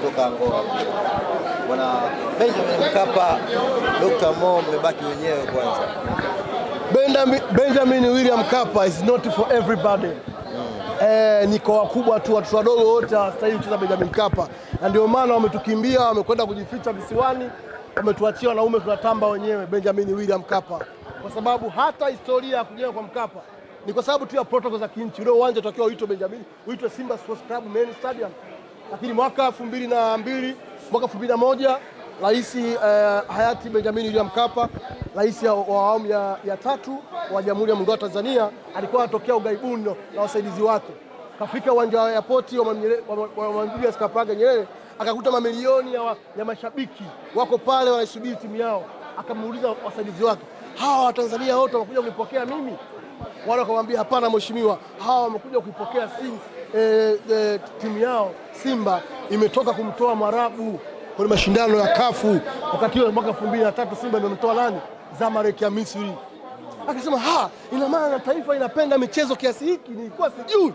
kutoka Angola. Bwana Benjamin Mkapa, Dr. Mo, mmebaki wenyewe kwanza. Benjamin, William Mkapa is not for everybody. Hmm. Eh, ni kwa wakubwa tu, watoto wadogo wote hawastahili kucheza Benjamin Mkapa, na ndio maana wametukimbia, wamekwenda kujificha visiwani, wametuachia wanaume tunatamba wenyewe. Benjamin William Mkapa, kwa sababu hata historia ya kujenga kwa Mkapa ni kwa sababu tu ya protocol za kinchi. Ule uwanja utakiwa uitwe Benjamin, uitwe Simba Sports Club Main Stadium lakini mwaka elfu mbili na mbili mwaka elfu mbili na moja Rais uh, hayati Benjamin William Mkapa, rais wa awamu ya, ya tatu wa Jamhuri ya Muungano wa Tanzania, alikuwa anatokea ughaibuni na wasaidizi wake, kafika uwanja wa airport wa Mwalimu Julius Kambarage Nyerere, akakuta mamilioni ya, wa, ya mashabiki wako pale wanaisubiri timu yao. Akamuuliza wasaidizi wake, hawa Watanzania wote wamekuja kunipokea mimi? Wale wakamwambia hapana, mheshimiwa, hawa wamekuja kuipokea sisi e, e, timu yao Simba imetoka kumtoa Mwarabu kwenye mashindano ya kafu wakati huo mwaka 2003 Simba imemtoa nani? Zamalek ya Misri. Akasema ha, ina maana taifa inapenda michezo kiasi hiki, nilikuwa sijui.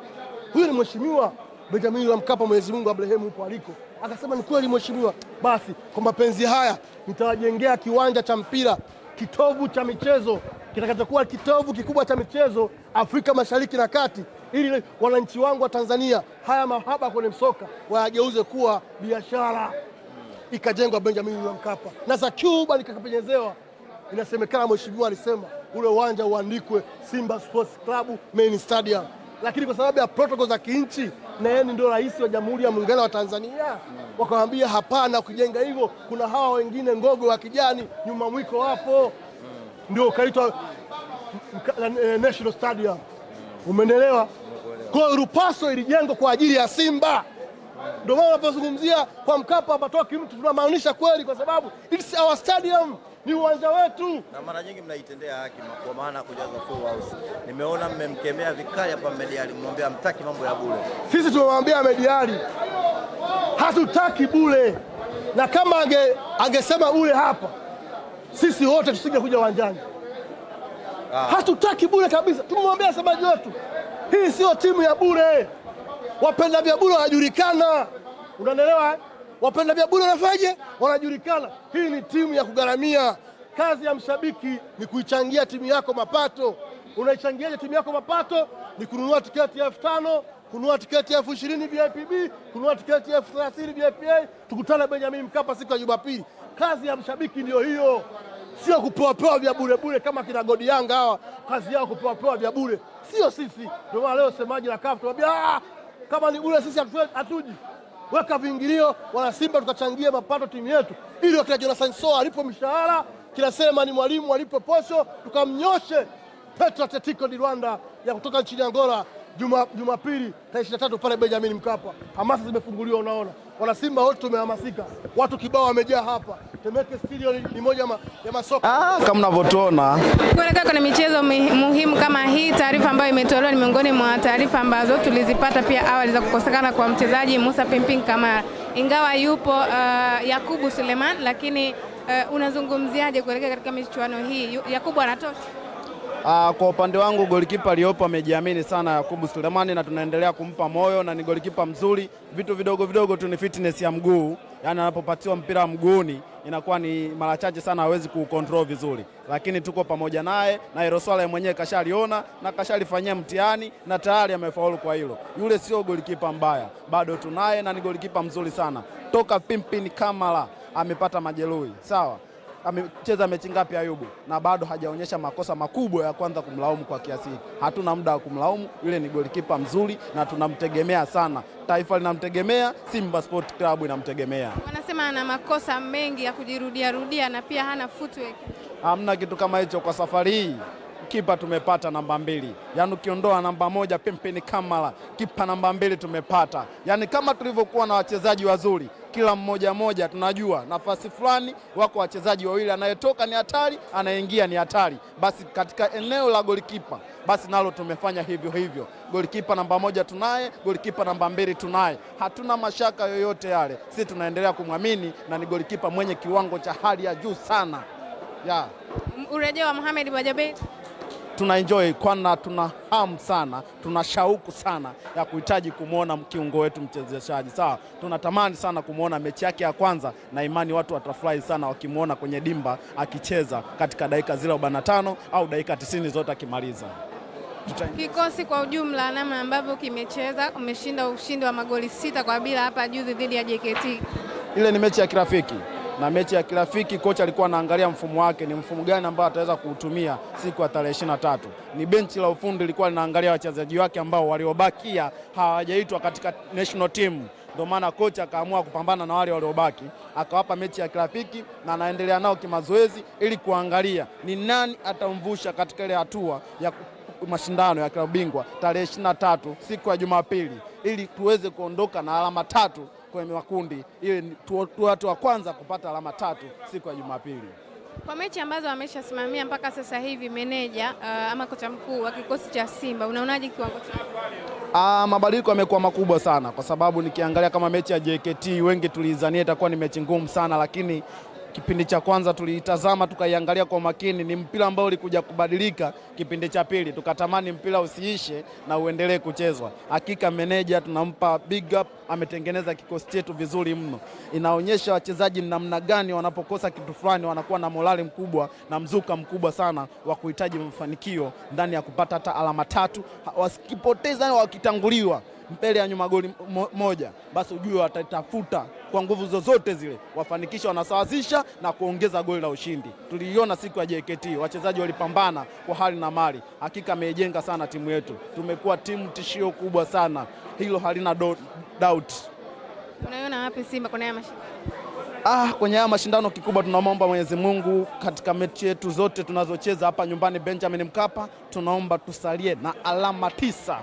Huyu ni mheshimiwa Benjamin la Mkapa, Mwenyezi Mungu abrehemu huko aliko. Akasema ni kweli mheshimiwa, basi kwa mapenzi haya nitawajengea kiwanja cha mpira, kitovu cha michezo kitakachokuwa kitovu kikubwa cha michezo Afrika Mashariki na Kati ili wananchi wangu wa Tanzania haya mahaba kwenye msoka wayageuze kuwa biashara, ikajengwa Benjamin William Mkapa na za Cuba nikakapenyezewa. Inasemekana mheshimiwa alisema ule uwanja uandikwe Simba Sports Club Main Stadium, lakini kwa sababu ya protokoli za kinchi na yeye ndio rais wa Jamhuri ya Muungano wa Tanzania, wakamwambia hapana, ukijenga hivyo kuna hawa wengine ngogo wa kijani nyuma mwiko wapo, ndio ukaitwa eh, National Stadium umeendelewa Kwa hiyo Lupaso ilijengwa kwa ajili ya Simba, ndio maana unapozungumzia kwa Mkapa hapatoki mtu, tunamaanisha kweli, kwa sababu it's our stadium ni uwanja wetu, na mara nyingi mnaitendea haki kwa maana kujaza full house. Nimeona mmemkemea vikali hapa Mediali, mmwambia mtaki mambo ya bure. Sisi tumemwambia Mediali hatutaki bure, na kama angesema ange ule hapa, sisi wote tusinge kuja uwanjani. Ah. hatutaki bure kabisa. Tumemwambia msemaji wetu, hii sio timu ya bure, wapenda vya bure wanajulikana, unaelewa eh? Wapenda vya bure wanafanyaje? Wanajulikana. Hii ni timu ya kugharamia. Kazi ya mshabiki ni kuichangia timu yako mapato. Unaichangiaje timu yako mapato? Ni kununua tiketi ya elfu tano kununua tiketi ya elfu ishirini VIPB, kununua tiketi ya elfu thelathini VIPA. Tukutane Benjamin Mkapa siku ya Jumapili. Kazi ya mshabiki ndiyo hiyo sio kupewapewa vya bure bure kama kina Godi Yanga hawa, kazi yao kupewapewa vya bure, sio sisi. Ndio maana leo semaji la CAF tunamwambia ah, kama ni bure sisi hatuji weka viingilio, wana Simba tukachangia mapato timu yetu, ili wakina Jonathan Soa alipo mshahara, kila ni mwalimu alipo posho, tukamnyoshe Petro Atletico di Rwanda ya kutoka nchini Angola Jumapili juma tarehe 23 pale Benjamin Mkapa. Hamasa zimefunguliwa, unaona. Wanasimba wote tumehamasika, watu kibao wamejaa hapa. Temeke Studio ni moja ma, ya masoko ah, kama mnavyotuona kuelekea kwenye michezo muhimu kama hii. Taarifa ambayo imetolewa ni miongoni mwa taarifa ambazo tulizipata pia awali za kukosekana kwa mchezaji Musa Pimpin Kamara, ingawa yupo uh, Yakubu Suleman, lakini uh, unazungumziaje kuelekea katika michuano hii? Yakubu anatosha Uh, kwa upande wangu golikipa aliyopo amejiamini sana Yakubu Sulemani, na tunaendelea kumpa moyo na ni golikipa mzuri. Vitu vidogo vidogo tu ni fitness ya mguu, yaani anapopatiwa mpira mguuni inakuwa ni mara chache sana hawezi kuukontrol vizuri, lakini tuko pamoja naye na hilo swala mwenyewe kashaliona na kashalifanyia mtihani na tayari amefaulu kwa hilo. Yule sio golikipa mbaya, bado tunaye na ni golikipa mzuri sana. Toka Pimpin Kamala amepata majeruhi, sawa amecheza mechi ngapi Ayubu na bado hajaonyesha makosa makubwa ya kwanza kumlaumu kwa kiasi hiki. Hatuna muda wa kumlaumu, yule ni golikipa mzuri na tunamtegemea sana. Taifa linamtegemea, Simba Sport Club inamtegemea. Wanasema ana makosa mengi ya kujirudia rudia na pia hana footwork. Hamna kitu kama hicho kwa safari hii. Kipa tumepata namba mbili, yaani ukiondoa namba moja pempeni Kamala, kipa namba mbili tumepata, yaani kama tulivyokuwa na wachezaji wazuri kila mmoja moja, tunajua nafasi fulani wako wachezaji wawili, anayetoka ni hatari, anaingia ni hatari. Basi katika eneo la golikipa, basi nalo tumefanya hivyo hivyo. Golikipa namba moja tunaye, golikipa namba mbili tunaye, hatuna mashaka yoyote yale. Sisi tunaendelea kumwamini na ni golikipa mwenye kiwango cha hali ya juu sana ya urejeo wa Mohamed Bajaber tuna enjoy kwana, tuna hamu sana, tuna shauku sana ya kuhitaji kumwona kiungo wetu mchezeshaji. Sawa, tunatamani sana kumwona mechi yake ya kwanza, na imani watu watafurahi sana wakimwona kwenye dimba akicheza katika dakika zile 45 au dakika 90 zote akimaliza. Kikosi kwa ujumla, namna ambavyo kimecheza, umeshinda ushindi wa magoli sita kwa bila hapa juzi dhidi ya JKT, ile ni mechi ya kirafiki na mechi ya kirafiki, kocha alikuwa anaangalia mfumo wake ni mfumo gani ambao ataweza kuutumia siku ya tarehe ishirini na tatu. Ni benchi la ufundi lilikuwa linaangalia wachezaji wake ambao waliobakia hawajaitwa katika national team, ndio maana kocha akaamua kupambana na wale waliobaki, akawapa mechi ya kirafiki na anaendelea nao kimazoezi ili kuangalia ni nani atamvusha katika ile hatua ya mashindano ya klabu bingwa tarehe ishirini na tatu siku ya Jumapili ili tuweze kuondoka na alama tatu kwenye makundi ili watu wa kwanza kupata alama tatu siku ya Jumapili. Kwa mechi ambazo ameshasimamia mpaka sasa hivi meneja uh, ama kocha mkuu wa kikosi cha Simba, unaonaje kiwango chake? Ah, mabadiliko yamekuwa makubwa sana, kwa sababu nikiangalia kama mechi ya JKT wengi tulizania itakuwa ni mechi ngumu sana, lakini kipindi cha kwanza tuliitazama tukaiangalia kwa makini, ni mpira ambao ulikuja kubadilika kipindi cha pili, tukatamani mpira usiishe na uendelee kuchezwa. Hakika meneja tunampa big up, ametengeneza kikosi chetu vizuri mno. Inaonyesha wachezaji namna gani wanapokosa kitu fulani wanakuwa na morali mkubwa na mzuka mkubwa sana wa kuhitaji mafanikio ndani ya kupata hata alama tatu, wasikipoteza wakitanguliwa mbele ya nyuma goli moja, basi ujue watatafuta kwa nguvu zozote zile wafanikisha, wanasawazisha na kuongeza goli la ushindi. Tuliiona siku ya JKT wachezaji walipambana kwa hali na mali, hakika ameijenga sana timu yetu. Tumekuwa timu tishio kubwa sana, hilo halina do, doubt. Unaiona wapi Simba kwenye haya mashindano? Ah, kwenye haya mashindano kikubwa tunamwomba Mwenyezi Mungu katika mechi yetu zote tunazocheza hapa nyumbani Benjamin Mkapa, tunaomba tusalie na alama tisa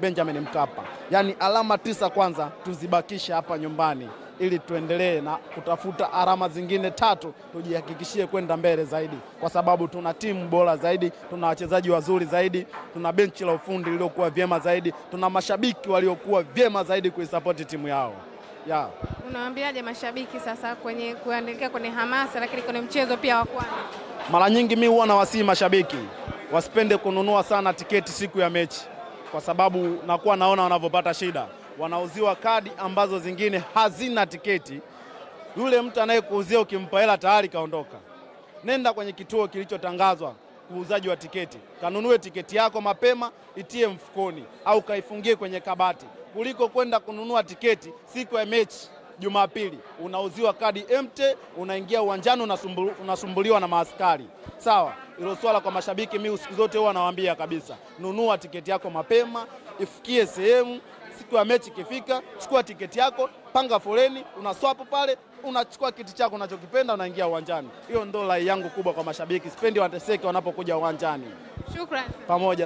Benjamin Mkapa, yaani alama tisa kwanza tuzibakishe hapa nyumbani ili tuendelee na kutafuta alama zingine tatu, tujihakikishie kwenda mbele zaidi, kwa sababu tuna timu bora zaidi, tuna wachezaji wazuri zaidi, tuna benchi la ufundi liliokuwa vyema zaidi, tuna mashabiki waliokuwa vyema zaidi kuisapoti timu yao ya. Unawaambiaje mashabiki sasa kwenye kuendelea kwenye hamasa, lakini kwenye mchezo pia wa kwanza? Mara nyingi mi huwa nawasihi mashabiki wasipende kununua sana tiketi siku ya mechi, kwa sababu nakuwa naona wanavyopata shida wanauziwa kadi ambazo zingine hazina tiketi. Yule mtu anayekuuzia ukimpa hela tayari kaondoka. Nenda kwenye kituo kilichotangazwa uuzaji wa tiketi, kanunue tiketi yako mapema, itie mfukoni au kaifungie kwenye kabati, kuliko kwenda kununua tiketi siku ya mechi Jumapili unauziwa kadi empty, unaingia uwanjani unasumbuliwa na maaskari. Sawa, hilo swala kwa mashabiki, mimi siku zote huwa nawaambia kabisa, nunua tiketi yako mapema, ifikie sehemu siku ya mechi ikifika, chukua tiketi yako, panga foleni, unaswapo pale, unachukua kiti chako unachokipenda, unaingia uwanjani. Hiyo ndo rai yangu kubwa kwa mashabiki, sipendi wateseke wanapokuja uwanjani. Shukrani pamoja.